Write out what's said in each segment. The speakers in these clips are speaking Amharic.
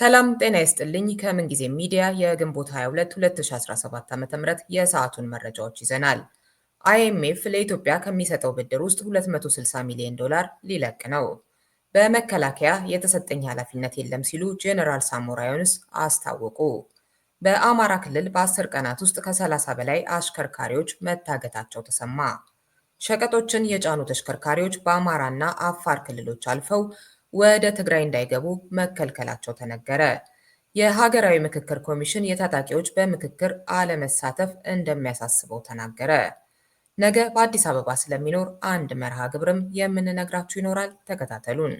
ሰላም ጤና ይስጥልኝ። ከምን ጊዜ ሚዲያ የግንቦት 22 2017 ዓ.ም የሰዓቱን መረጃዎች ይዘናል። አይኤምኤፍ ለኢትዮጵያ ከሚሰጠው ብድር ውስጥ 260 ሚሊዮን ዶላር ሊለቅ ነው። በመከላከያ የተሰጠኝ ኃላፊነት የለም ሲሉ ጄኔራል ሳሞራ አስታወቁ። በአማራ ክልል በ10 ቀናት ውስጥ ከ30 በላይ አሽከርካሪዎች መታገታቸው ተሰማ። ሸቀጦችን የጫኑ ተሽከርካሪዎች በአማራና አፋር ክልሎች አልፈው ወደ ትግራይ እንዳይገቡ መከልከላቸው ተነገረ። የሀገራዊ ምክክር ኮሚሽን የታጣቂዎች በምክክር አለመሳተፍ እንደሚያሳስበው ተናገረ። ነገ በአዲስ አበባ ስለሚኖር አንድ መርሃ ግብርም የምንነግራችሁ ይኖራል። ተከታተሉን።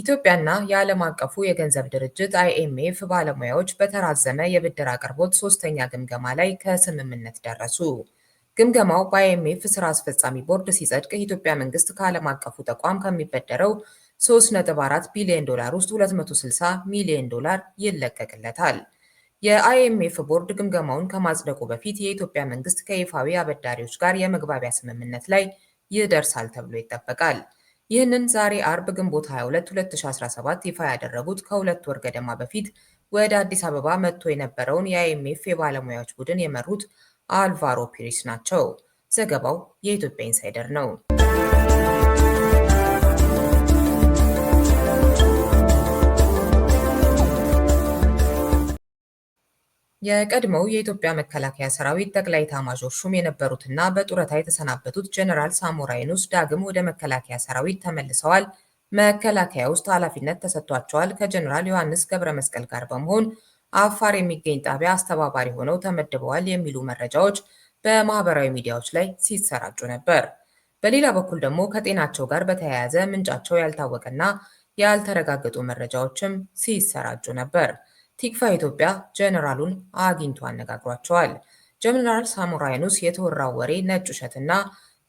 ኢትዮጵያና የዓለም አቀፉ የገንዘብ ድርጅት አይኤምኤፍ ባለሙያዎች በተራዘመ የብድር አቅርቦት ሶስተኛ ግምገማ ላይ ከስምምነት ደረሱ። ግምገማው በአይኤምኤፍ ስራ አስፈጻሚ ቦርድ ሲጸድቅ የኢትዮጵያ መንግስት ከዓለም አቀፉ ተቋም ከሚበደረው 3.4 ቢሊዮን ዶላር ውስጥ 260 ሚሊዮን ዶላር ይለቀቅለታል። የአይኤምኤፍ ቦርድ ግምገማውን ከማጽደቁ በፊት የኢትዮጵያ መንግስት ከይፋዊ አበዳሪዎች ጋር የመግባቢያ ስምምነት ላይ ይደርሳል ተብሎ ይጠበቃል። ይህንን ዛሬ አርብ ግንቦት 22 2017 ይፋ ያደረጉት ከሁለት ወር ገደማ በፊት ወደ አዲስ አበባ መጥቶ የነበረውን የአይኤምኤፍ የባለሙያዎች ቡድን የመሩት አልቫሮ ፒሪስ ናቸው። ዘገባው የኢትዮጵያ ኢንሳይደር ነው። የቀድሞው የኢትዮጵያ መከላከያ ሰራዊት ጠቅላይ ኤታማዦር ሹም የነበሩትና በጡረታ የተሰናበቱት ጀነራል ሳሞራ የኑስ ዳግም ወደ መከላከያ ሰራዊት ተመልሰዋል። መከላከያ ውስጥ ኃላፊነት ተሰጥቷቸዋል። ከጀነራል ዮሐንስ ገብረ መስቀል ጋር በመሆን አፋር የሚገኝ ጣቢያ አስተባባሪ ሆነው ተመድበዋል የሚሉ መረጃዎች በማህበራዊ ሚዲያዎች ላይ ሲሰራጩ ነበር። በሌላ በኩል ደግሞ ከጤናቸው ጋር በተያያዘ ምንጫቸው ያልታወቀና ያልተረጋገጡ መረጃዎችም ሲሰራጩ ነበር። ቲክቫ ኢትዮጵያ ጀነራሉን አግኝቶ አነጋግሯቸዋል። ጀነራል ሳሙራይኑስ የኑስ የተወራው ወሬ ነጭ ውሸትና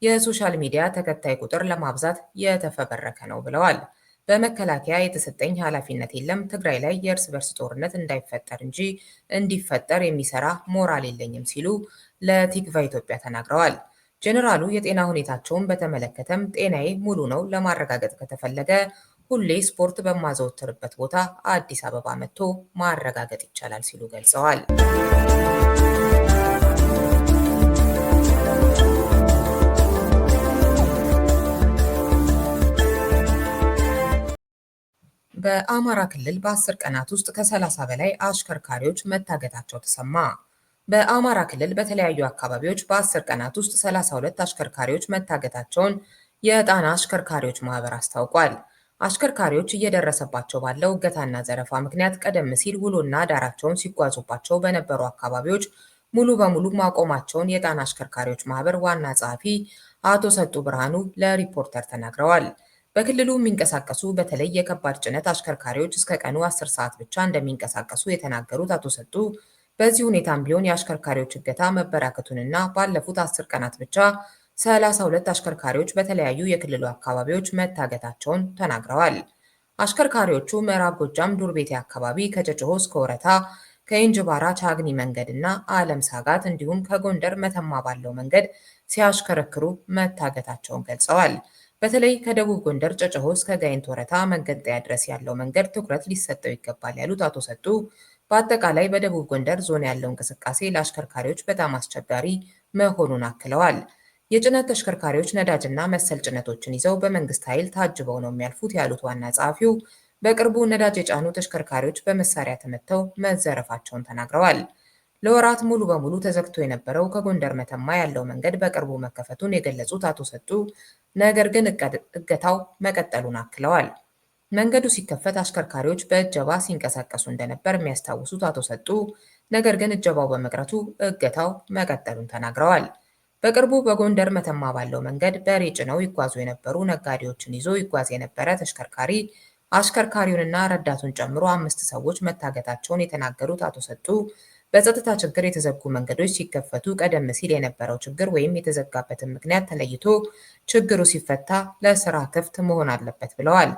የሶሻል ሚዲያ ተከታይ ቁጥር ለማብዛት የተፈበረከ ነው ብለዋል። በመከላከያ የተሰጠኝ ኃላፊነት የለም፣ ትግራይ ላይ የእርስ በርስ ጦርነት እንዳይፈጠር እንጂ እንዲፈጠር የሚሰራ ሞራል የለኝም ሲሉ ለቲክቫ ኢትዮጵያ ተናግረዋል። ጀኔራሉ የጤና ሁኔታቸውን በተመለከተም ጤናዬ ሙሉ ነው ለማረጋገጥ ከተፈለገ ሁሌ ስፖርት በማዘወትርበት ቦታ አዲስ አበባ መጥቶ ማረጋገጥ ይቻላል ሲሉ ገልጸዋል። በአማራ ክልል በአስር ቀናት ውስጥ ከሰላሳ በላይ አሽከርካሪዎች መታገታቸው ተሰማ። በአማራ ክልል በተለያዩ አካባቢዎች በአስር ቀናት ውስጥ ሰላሳ ሁለት አሽከርካሪዎች መታገታቸውን የጣና አሽከርካሪዎች ማህበር አስታውቋል። አሽከርካሪዎች እየደረሰባቸው ባለው እገታና ዘረፋ ምክንያት ቀደም ሲል ውሎና ዳራቸውን ሲጓዙባቸው በነበሩ አካባቢዎች ሙሉ በሙሉ ማቆማቸውን የጣና አሽከርካሪዎች ማህበር ዋና ጸሐፊ አቶ ሰጡ ብርሃኑ ለሪፖርተር ተናግረዋል። በክልሉ የሚንቀሳቀሱ በተለይ የከባድ ጭነት አሽከርካሪዎች እስከ ቀኑ 10 ሰዓት ብቻ እንደሚንቀሳቀሱ የተናገሩት አቶ ሰጡ በዚህ ሁኔታም ቢሆን የአሽከርካሪዎች እገታ መበራከቱንና ባለፉት አስር ቀናት ብቻ 32 አሽከርካሪዎች በተለያዩ የክልሉ አካባቢዎች መታገታቸውን ተናግረዋል። አሽከርካሪዎቹ ምዕራብ ጎጃም ዱር ቤቴ አካባቢ ከጨጭሆ እስከ ወረታ ከኢንጅባራ ቻግኒ መንገድ እና አለም ሳጋት እንዲሁም ከጎንደር መተማ ባለው መንገድ ሲያሽከረክሩ መታገታቸውን ገልጸዋል። በተለይ ከደቡብ ጎንደር ጨጨሆ እስከ ጋይንት ወረታ መገንጠያ ድረስ ያለው መንገድ ትኩረት ሊሰጠው ይገባል ያሉት አቶ ሰጡ በአጠቃላይ በደቡብ ጎንደር ዞን ያለው እንቅስቃሴ ለአሽከርካሪዎች በጣም አስቸጋሪ መሆኑን አክለዋል። የጭነት ተሽከርካሪዎች ነዳጅና መሰል ጭነቶችን ይዘው በመንግስት ኃይል ታጅበው ነው የሚያልፉት ያሉት ዋና ጸሐፊው፣ በቅርቡ ነዳጅ የጫኑ ተሽከርካሪዎች በመሳሪያ ተመተው መዘረፋቸውን ተናግረዋል። ለወራት ሙሉ በሙሉ ተዘግቶ የነበረው ከጎንደር መተማ ያለው መንገድ በቅርቡ መከፈቱን የገለጹት አቶ ሰጡ፣ ነገር ግን እገታው መቀጠሉን አክለዋል። መንገዱ ሲከፈት አሽከርካሪዎች በእጀባ ሲንቀሳቀሱ እንደነበር የሚያስታውሱት አቶ ሰጡ ነገር ግን እጀባው በመቅረቱ እገታው መቀጠሉን ተናግረዋል። በቅርቡ በጎንደር መተማ ባለው መንገድ በሬ ጭነው ይጓዙ የነበሩ ነጋዴዎችን ይዞ ይጓዝ የነበረ ተሽከርካሪ አሽከርካሪውንና ረዳቱን ጨምሮ አምስት ሰዎች መታገታቸውን የተናገሩት አቶ ሰጡ በፀጥታ ችግር የተዘጉ መንገዶች ሲከፈቱ ቀደም ሲል የነበረው ችግር ወይም የተዘጋበትን ምክንያት ተለይቶ ችግሩ ሲፈታ ለስራ ክፍት መሆን አለበት ብለዋል።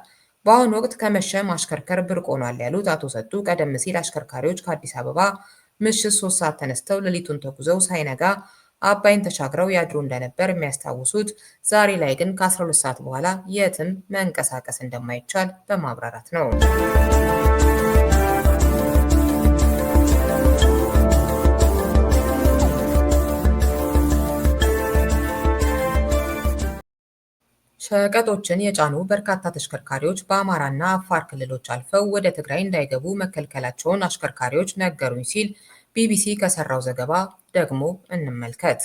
በአሁኑ ወቅት ከመሸ ማሽከርከር ብርቅ ሆኗል ያሉት አቶ ሰጡ ቀደም ሲል አሽከርካሪዎች ከአዲስ አበባ ምሽት ሶስት ሰዓት ተነስተው ሌሊቱን ተጉዘው ሳይነጋ አባይን ተሻግረው ያድሩ እንደነበር የሚያስታውሱት፣ ዛሬ ላይ ግን ከ12 ሰዓት በኋላ የትም መንቀሳቀስ እንደማይቻል በማብራራት ነው። ሸቀጦችን የጫኑ በርካታ ተሽከርካሪዎች በአማራና አፋር ክልሎች አልፈው ወደ ትግራይ እንዳይገቡ መከልከላቸውን አሽከርካሪዎች ነገሩኝ ሲል ቢቢሲ ከሰራው ዘገባ ደግሞ እንመልከት።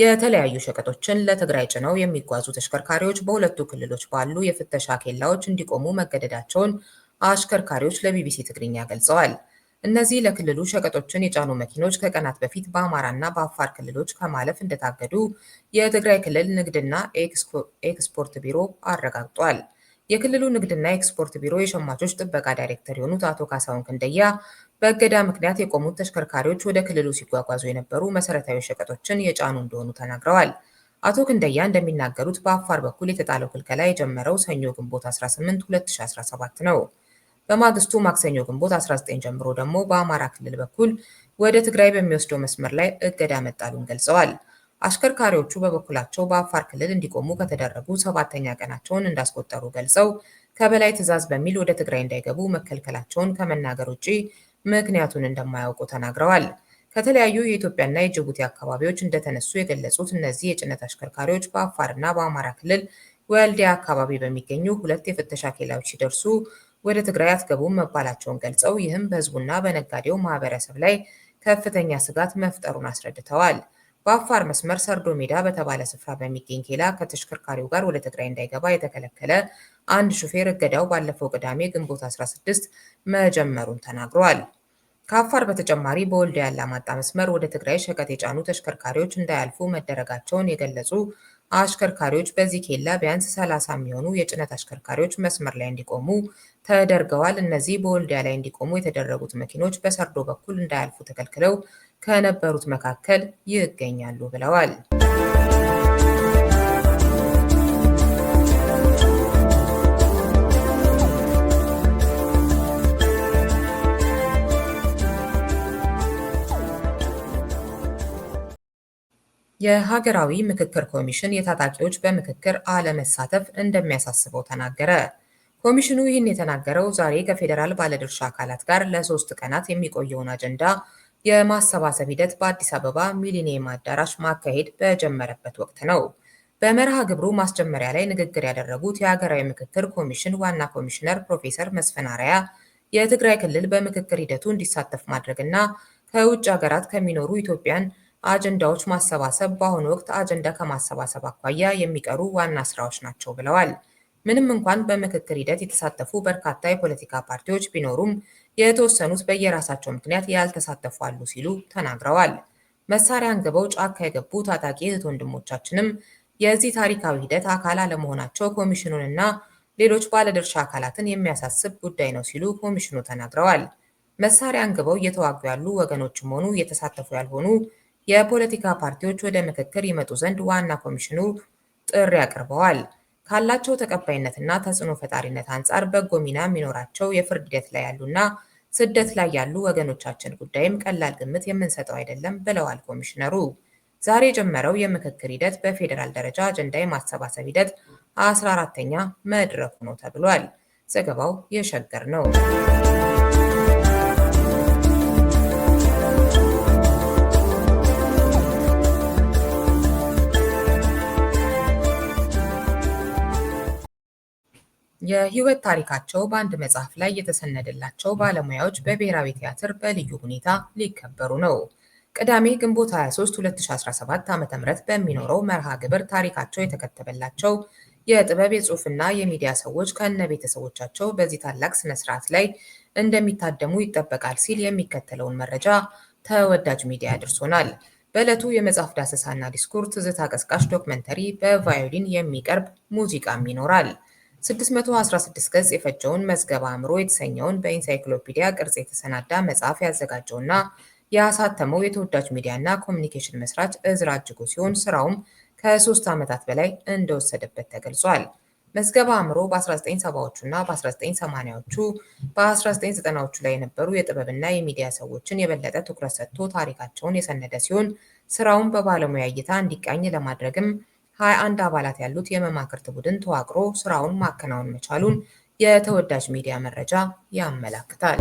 የተለያዩ ሸቀጦችን ለትግራይ ጭነው የሚጓዙ ተሽከርካሪዎች በሁለቱ ክልሎች ባሉ የፍተሻ ኬላዎች እንዲቆሙ መገደዳቸውን አሽከርካሪዎች ለቢቢሲ ትግርኛ ገልጸዋል። እነዚህ ለክልሉ ሸቀጦችን የጫኑ መኪኖች ከቀናት በፊት በአማራና በአፋር ክልሎች ከማለፍ እንደታገዱ የትግራይ ክልል ንግድና ኤክስፖርት ቢሮ አረጋግጧል። የክልሉ ንግድና ኤክስፖርት ቢሮ የሸማቾች ጥበቃ ዳይሬክተር የሆኑት አቶ ካሳሁን ክንደያ በእገዳ ምክንያት የቆሙት ተሽከርካሪዎች ወደ ክልሉ ሲጓጓዙ የነበሩ መሰረታዊ ሸቀጦችን የጫኑ እንደሆኑ ተናግረዋል። አቶ ክንደያ እንደሚናገሩት በአፋር በኩል የተጣለው ክልከላ የጀመረው ሰኞ ግንቦት 18 2017 ነው። በማግስቱ ማክሰኞ ግንቦት 19 ጀምሮ ደግሞ በአማራ ክልል በኩል ወደ ትግራይ በሚወስደው መስመር ላይ እገዳ መጣሉን ገልጸዋል። አሽከርካሪዎቹ በበኩላቸው በአፋር ክልል እንዲቆሙ ከተደረጉ ሰባተኛ ቀናቸውን እንዳስቆጠሩ ገልጸው ከበላይ ትዕዛዝ በሚል ወደ ትግራይ እንዳይገቡ መከልከላቸውን ከመናገር ውጪ ምክንያቱን እንደማያውቁ ተናግረዋል። ከተለያዩ የኢትዮጵያና የጅቡቲ አካባቢዎች እንደተነሱ የገለጹት እነዚህ የጭነት አሽከርካሪዎች በአፋርና በአማራ ክልል ወልዲያ አካባቢ በሚገኙ ሁለት የፍተሻ ኬላዎች ሲደርሱ ወደ ትግራይ አትገቡም መባላቸውን ገልጸው ይህም በህዝቡና በነጋዴው ማህበረሰብ ላይ ከፍተኛ ስጋት መፍጠሩን አስረድተዋል። በአፋር መስመር ሰርዶ ሜዳ በተባለ ስፍራ በሚገኝ ኬላ ከተሽከርካሪው ጋር ወደ ትግራይ እንዳይገባ የተከለከለ አንድ ሹፌር እገዳው ባለፈው ቅዳሜ ግንቦት 16 መጀመሩን ተናግሯል። ከአፋር በተጨማሪ በወልዲያ አላማጣ መስመር ወደ ትግራይ ሸቀጥ የጫኑ ተሽከርካሪዎች እንዳያልፉ መደረጋቸውን የገለጹ አሽከርካሪዎች በዚህ ኬላ ቢያንስ 30 የሚሆኑ የጭነት አሽከርካሪዎች መስመር ላይ እንዲቆሙ ተደርገዋል። እነዚህ በወልዲያ ላይ እንዲቆሙ የተደረጉት መኪኖች በሰርዶ በኩል እንዳያልፉ ተከልክለው ከነበሩት መካከል ይገኛሉ ብለዋል። የሀገራዊ ምክክር ኮሚሽን የታጣቂዎች በምክክር አለመሳተፍ እንደሚያሳስበው ተናገረ። ኮሚሽኑ ይህን የተናገረው ዛሬ ከፌዴራል ባለድርሻ አካላት ጋር ለሶስት ቀናት የሚቆየውን አጀንዳ የማሰባሰብ ሂደት በአዲስ አበባ ሚሊኒየም አዳራሽ ማካሄድ በጀመረበት ወቅት ነው። በመርሃ ግብሩ ማስጀመሪያ ላይ ንግግር ያደረጉት የሀገራዊ ምክክር ኮሚሽን ዋና ኮሚሽነር ፕሮፌሰር መስፍን አርአያ የትግራይ ክልል በምክክር ሂደቱ እንዲሳተፍ ማድረግና ከውጭ ሀገራት ከሚኖሩ ኢትዮጵያን አጀንዳዎች ማሰባሰብ በአሁኑ ወቅት አጀንዳ ከማሰባሰብ አኳያ የሚቀሩ ዋና ስራዎች ናቸው ብለዋል። ምንም እንኳን በምክክር ሂደት የተሳተፉ በርካታ የፖለቲካ ፓርቲዎች ቢኖሩም የተወሰኑት በየራሳቸው ምክንያት ያልተሳተፉ አሉ ሲሉ ተናግረዋል። መሳሪያ አንግበው ጫካ የገቡ ታጣቂ እህት ወንድሞቻችንም የዚህ ታሪካዊ ሂደት አካል አለመሆናቸው ኮሚሽኑንና ሌሎች ባለድርሻ አካላትን የሚያሳስብ ጉዳይ ነው ሲሉ ኮሚሽኑ ተናግረዋል። መሳሪያ አንግበው እየተዋጉ ያሉ ወገኖችም ሆኑ እየተሳተፉ ያልሆኑ የፖለቲካ ፓርቲዎች ወደ ምክክር ይመጡ ዘንድ ዋና ኮሚሽኑ ጥሪ አቅርበዋል። ካላቸው ተቀባይነትና ተጽዕኖ ፈጣሪነት አንጻር በጎ ሚና የሚኖራቸው የፍርድ ሂደት ላይ ያሉና ስደት ላይ ያሉ ወገኖቻችን ጉዳይም ቀላል ግምት የምንሰጠው አይደለም ብለዋል ኮሚሽነሩ። ዛሬ የጀመረው የምክክር ሂደት በፌዴራል ደረጃ አጀንዳ የማሰባሰብ ሂደት 14ተኛ መድረኩ ነው ተብሏል። ዘገባው የሸገር ነው። የሕይወት ታሪካቸው በአንድ መጽሐፍ ላይ የተሰነደላቸው ባለሙያዎች በብሔራዊ ቲያትር በልዩ ሁኔታ ሊከበሩ ነው። ቅዳሜ ግንቦት 23 2017 ዓ.ም በሚኖረው መርሃ ግብር ታሪካቸው የተከተበላቸው የጥበብ የጽሑፍና የሚዲያ ሰዎች ከነ ቤተሰቦቻቸው በዚህ ታላቅ ሥነ ሥርዓት ላይ እንደሚታደሙ ይጠበቃል ሲል የሚከተለውን መረጃ ተወዳጅ ሚዲያ ያደርሶናል። በዕለቱ የመጽሐፍ ዳሰሳና ዲስኩር፣ ትዝታ ቀስቃሽ ዶክመንተሪ፣ በቫዮሊን የሚቀርብ ሙዚቃም ይኖራል። 616 ገጽ የፈጀውን መዝገበ አእምሮ የተሰኘውን በኢንሳይክሎፒዲያ ቅርጽ የተሰናዳ መጽሐፍ ያዘጋጀውና ያሳተመው የተወዳጅ ሚዲያና ኮሙኒኬሽን መስራች እዝራ እጅጉ ሲሆን ስራውም ከሶስት ዓመታት በላይ እንደወሰደበት ተገልጿል። መዝገበ አእምሮ በ1970ዎቹ እና በ1980ዎቹ በ1990ዎቹ ላይ የነበሩ የጥበብና የሚዲያ ሰዎችን የበለጠ ትኩረት ሰጥቶ ታሪካቸውን የሰነደ ሲሆን ስራውን በባለሙያ እይታ እንዲቃኝ ለማድረግም አንድ አባላት ያሉት የመማክርት ቡድን ተዋቅሮ ስራውን ማከናወን መቻሉን የተወዳጅ ሚዲያ መረጃ ያመላክታል።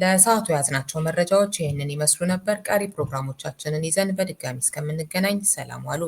ለሰዓቱ የያዝናቸው መረጃዎች ይህንን ይመስሉ ነበር። ቀሪ ፕሮግራሞቻችንን ይዘን በድጋሚ እስከምንገናኝ ሰላም ዋሉ።